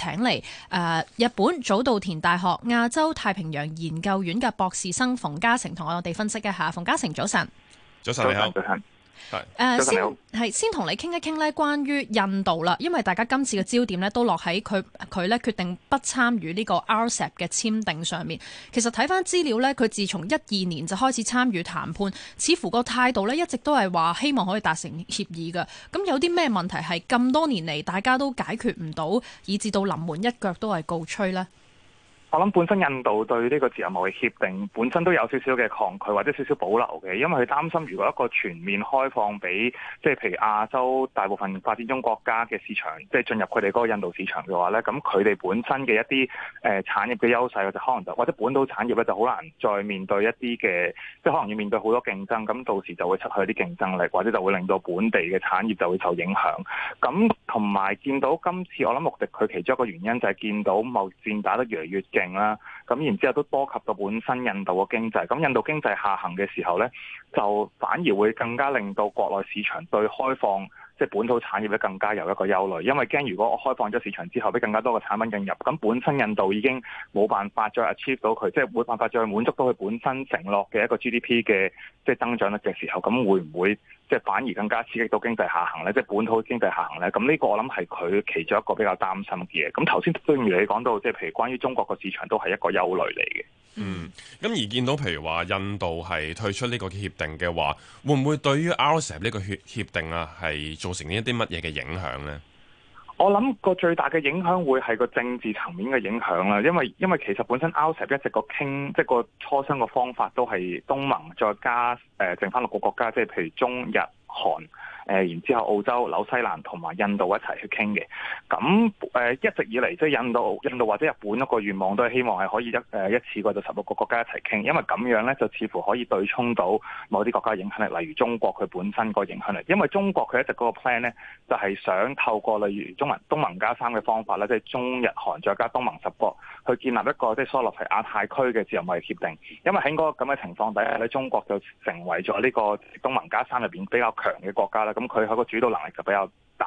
請嚟、呃、日本早稻田大學亞洲太平洋研究院嘅博士生馮嘉誠同我哋分析一下。馮嘉誠，早晨。早晨，你好。早晨。誒、呃，先係先同你傾一傾咧，關於印度啦，因為大家今次嘅焦點咧都落喺佢佢咧決定不參與呢個 RCEP 嘅簽訂上面。其實睇翻資料咧，佢自從一二年就開始參與談判，似乎個態度咧一直都係話希望可以達成協議嘅。咁有啲咩問題係咁多年嚟大家都解決唔到，以至到臨門一腳都係告吹呢？我諗本身印度對呢個自由貿易協定本身都有少少嘅抗拒或者少少保留嘅，因為佢擔心如果一個全面開放俾即係譬如亞洲大部分發展中國家嘅市場，即係進入佢哋嗰個印度市場嘅話咧，咁佢哋本身嘅一啲誒產業嘅優勢，就可能就或者本土產業咧就好難再面對一啲嘅即係可能要面對好多競爭，咁到時就會失去啲競爭力，或者就會令到本地嘅產業就會受影響。咁同埋見到今次我諗目的，佢其中一個原因就係見到貿易戰打得越嚟越勁。定啦，咁然之後都波及到本身印度嘅經濟。咁印度經濟下行嘅時候咧，就反而會更加令到國內市場對開放。即係本土產業咧更加有一個憂慮，因為驚如果我開放咗市場之後，俾更加多嘅產品進入，咁本身印度已經冇辦法再 achieve 到佢，即係冇辦法再滿足到佢本身承諾嘅一個 GDP 嘅即係增長率嘅時候，咁會唔會即係反而更加刺激到經濟下行咧？即係本土經濟下行咧？咁呢個我諗係佢其中一個比較擔心嘅嘢。咁頭先正如你講到，即係譬如關於中國個市場都係一個憂慮嚟嘅。嗯，咁而見到譬如話印度係退出呢個協定嘅話，會唔會對於 RCEP 呢個協協定啊係造成一啲乜嘢嘅影響咧？我諗個最大嘅影響會係個政治層面嘅影響啦，因為因為其實本身 RCEP 一直個傾，即係個磋商個方法都係東盟再加誒剩翻六個國家，即係譬如中日韓。誒，然之後澳洲、紐西蘭同埋印度一齊去傾嘅，咁誒一直以嚟，即係印度、印度或者日本一個願望都係希望係可以一一次過就十六個國家一齊傾，因為咁樣咧就似乎可以對沖到某啲國家嘅影響力，例如中國佢本身個影響力，因為中國佢一直嗰個 plan 咧就係想透過例如中文東盟加三嘅方法啦，即係中日韓再加東盟十國去建立一個即係所謂係亞太區嘅自由貿易協定，因為喺嗰個咁嘅情況底下咧，中國就成為咗呢個東盟加三入邊比較強嘅國家啦。咁佢喺個主導能力就比較大。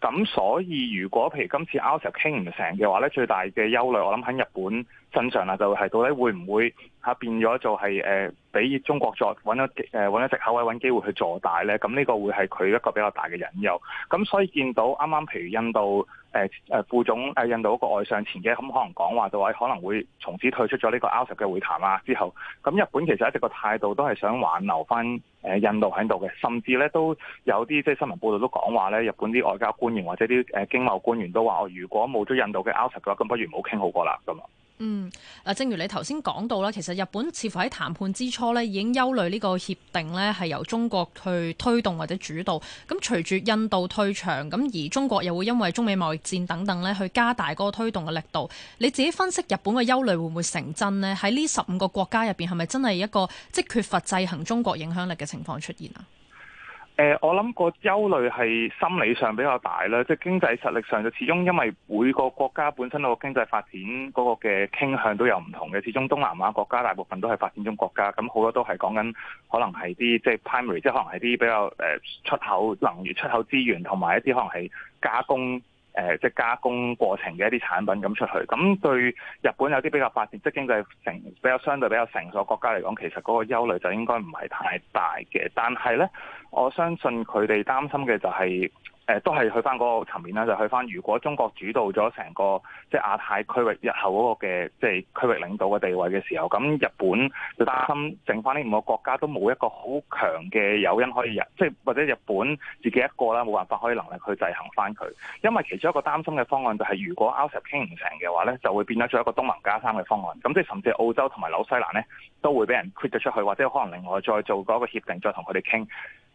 咁所以如果譬如今次 RCEP 傾唔成嘅話咧，最大嘅憂慮我諗喺日本身上啦，就係到底會唔會吓變咗做係誒俾中國再揾咗誒揾一隻口位揾機會去坐大咧？咁呢個會係佢一個比較大嘅隱憂，咁所以見到啱啱譬如印度誒、呃、副總誒、呃、印度一個外相前幾日咁可能講話就話可能會從此退出咗呢個 RCEP 嘅會談啦。之後，咁日本其實一直個態度都係想挽留翻誒印度喺度嘅，甚至咧都有啲即係新聞報道都講話咧，日本啲外交官。或者啲誒經貿官員都話：我如果冇咗印度嘅 outset 嘅話，咁不如唔好傾好過啦咁啊。嗯，嗱，正如你頭先講到啦，其實日本似乎喺談判之初咧，已經憂慮呢個協定咧係由中國去推動或者主導。咁隨住印度退場，咁而中國又會因為中美貿易戰等等咧，去加大嗰個推動嘅力度。你自己分析日本嘅憂慮會唔會成真呢？喺呢十五個國家入邊，係咪真係一個即缺乏制衡中國影響力嘅情況出現啊？誒、呃，我諗個憂慮係心理上比較大啦，即、就、係、是、經濟實力上就始終因為每個國家本身個經濟發展嗰個嘅傾向都有唔同嘅，始終東南亞國家大部分都係發展中國家，咁好多都係講緊可能係啲即係 primary，即係可能係啲比較誒出口能源、出口資源同埋一啲可能係加工。誒，即係加工過程嘅一啲產品咁出去，咁對日本有啲比較發展即係經濟成比較相對比較成熟嘅國家嚟講，其實嗰個憂慮就應該唔係太大嘅。但係呢，我相信佢哋擔心嘅就係、是。誒，都係去翻嗰個層面啦，就去、是、翻如果中國主導咗成個即係、就是、亞太區域日後嗰、那個嘅即係區域領導嘅地位嘅時候，咁日本就擔心，剩翻呢五個國家都冇一個好強嘅友因可以即係或者日本自己一個啦，冇辦法可以能力去制行翻佢。因為其中一個擔心嘅方案就係、是，如果歐 t 傾唔成嘅話咧，就會變咗做一個東盟加三嘅方案。咁即係甚至澳洲同埋紐西蘭咧，都會俾人 e x 出去，或者可能另外再做嗰個協定，再同佢哋傾。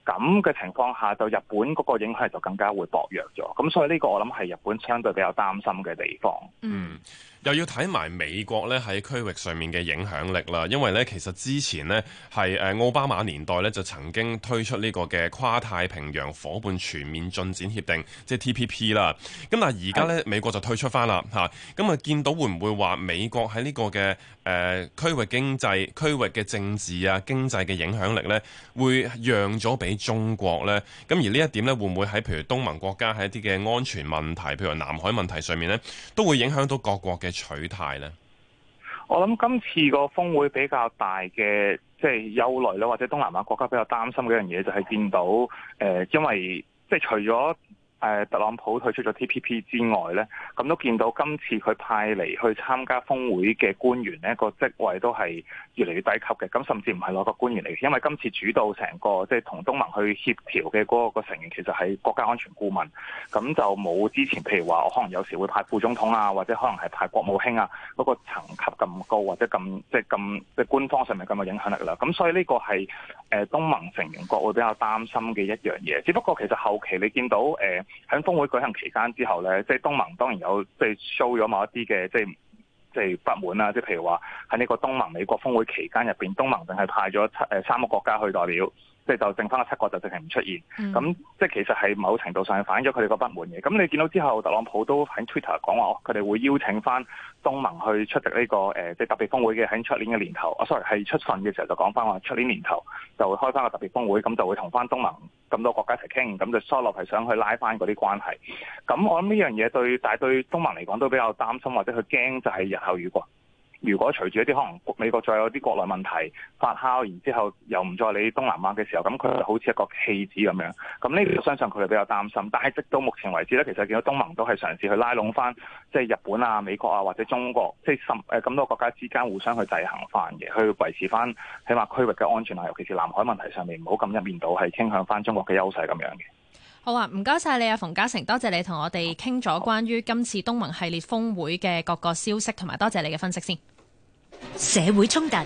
咁嘅情況下，對日本嗰個影響就更加會薄弱咗。咁所以呢個我諗係日本相對比較擔心嘅地方。嗯，又要睇埋美國呢喺區域上面嘅影響力啦。因為呢，其實之前呢係誒奧巴馬年代呢，就曾經推出呢個嘅跨太平洋伙伴全面進展協定，即係 TPP 啦。咁但係而家呢，美國就退出翻啦嚇。咁啊，看見到會唔會話美國喺呢個嘅誒區域經濟、區域嘅政治啊、經濟嘅影響力呢，會讓咗俾中國呢，咁而呢一點呢，會唔會喺譬如東盟國家喺一啲嘅安全問題，譬如南海問題上面呢，都會影響到各國嘅取態呢？我諗今次個峰會比較大嘅，即係憂慮呢，或者東南亞國家比較擔心嘅一樣嘢，就係見到誒，因為即係除咗。誒特朗普退出咗 TPP 之外呢，咁都見到今次佢派嚟去參加峰會嘅官員呢、個職位都係越嚟越低級嘅。咁甚至唔係攞個官員嚟，因為今次主導成個即係同東盟去協調嘅嗰個成員其實係國家安全顧問，咁就冇之前譬如話我可能有時會派副總統啊，或者可能係派國務卿啊，嗰、嗰個層級咁高或者咁即係咁即係官方上面咁嘅影響力啦。咁所以呢個係誒、呃、東盟成員國會比較擔心嘅一樣嘢。只不過其實後期你見到、呃喺峰會舉行期間之後咧，即係東盟當然有即係 show 咗某一啲嘅即係即係不滿啊，即係譬如話喺呢個東盟美國峰會期間入邊，東盟淨係派咗七誒三個國家去代表。即係就剩翻個七國就淨係唔出現，咁、嗯、即係其實係某程度上反映咗佢哋個不滿嘅。咁你見到之後，特朗普都喺 Twitter 講話，佢哋會邀請翻東盟去出席呢、呢個誒即係特別峰會嘅喺出年嘅年頭。啊、哦、sorry，係出份嘅時候就講翻話出年年頭就會開翻個特別峰會，咁就會同翻東盟咁多國家一齊傾，咁就 s o 嘅係想去拉翻嗰啲關係。咁我諗呢樣嘢對但係對東盟嚟講都比較擔心，或者佢驚就係日後如果。如果隨住一啲可能美國再有啲國內問題發酵，然之後又唔再理東南亞嘅時候，咁佢就好似一個棄子咁樣。咁呢？我相信佢哋比較擔心。但係，直到目前為止咧，其實見到東盟都係嘗試去拉攏翻，即係日本啊、美國啊或者中國，即係十誒咁多國家之間互相去制衡翻嘅，去維持翻起碼區域嘅安全啊，尤其是南海問題上面，唔好咁一面倒係傾向翻中國嘅優勢咁樣嘅。好啊，唔該晒你啊，馮嘉誠，多謝你同我哋傾咗關於今次東盟系列峰會嘅各個消息，同埋多謝你嘅分析先。社會衝突。